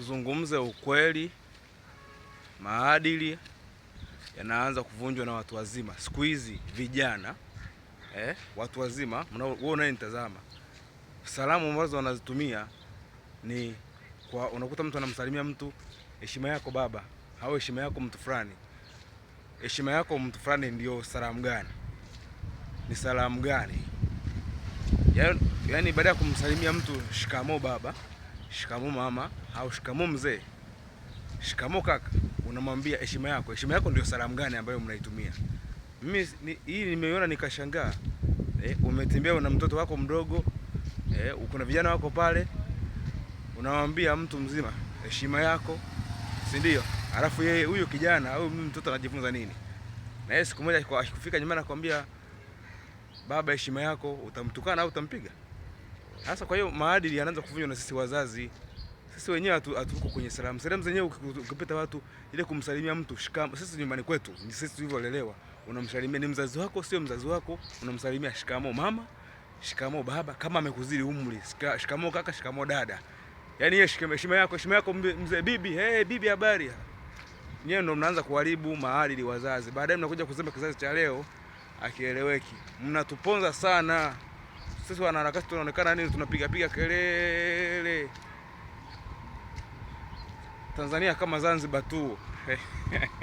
tuzungumze ukweli. Maadili yanaanza kuvunjwa na watu wazima siku hizi vijana eh, watu wazima wewe unayenitazama, salamu ambazo wanazitumia ni kwa, unakuta mtu anamsalimia mtu heshima yako baba au heshima yako mtu fulani. Heshima yako mtu fulani ndio salamu gani? Ni salamu gani? Yaani, baada ya kumsalimia mtu shikamo baba shikamo mama au shikamo mzee, shikamo kaka, unamwambia heshima yako. Heshima yako ndio salamu gani ambayo mnaitumia? Mimi ni, hii nimeiona nikashangaa. Eh, umetembea una mtoto wako mdogo eh, uko na vijana wako pale, unamwambia mtu mzima heshima yako, si ndio? Alafu yeye huyo kijana au mtoto anajifunza nini? Na yeye siku moja akifika nyumbani anakuambia baba, heshima yako, utamtukana au utampiga? Sasa kwa hiyo maadili yanaanza kuvunjwa na sisi wazazi. Sisi wenyewe hatuko kwenye salamu. Salamu zenyewe ukipita watu ile kumsalimia mtu shikamo. Sisi nyumbani kwetu, ni sisi tulivyolelewa, unamsalimia ni mzazi wako sio mzazi wako, unamsalimia shikamo mama, shikamo baba, kama amekuzidi umri, shikamo kaka, shikamo dada. Yaani yeye shikamo heshima yako, heshima yako mzee bibi, hey bibi habari. Nyewe ndo mnaanza kuharibu maadili wazazi. Baadaye mnakuja kusema kizazi cha leo akieleweki. Mnatuponza sana sisi wanaharakati tunaonekana nini, tunapigapiga kelele Tanzania kama Zanzibar tu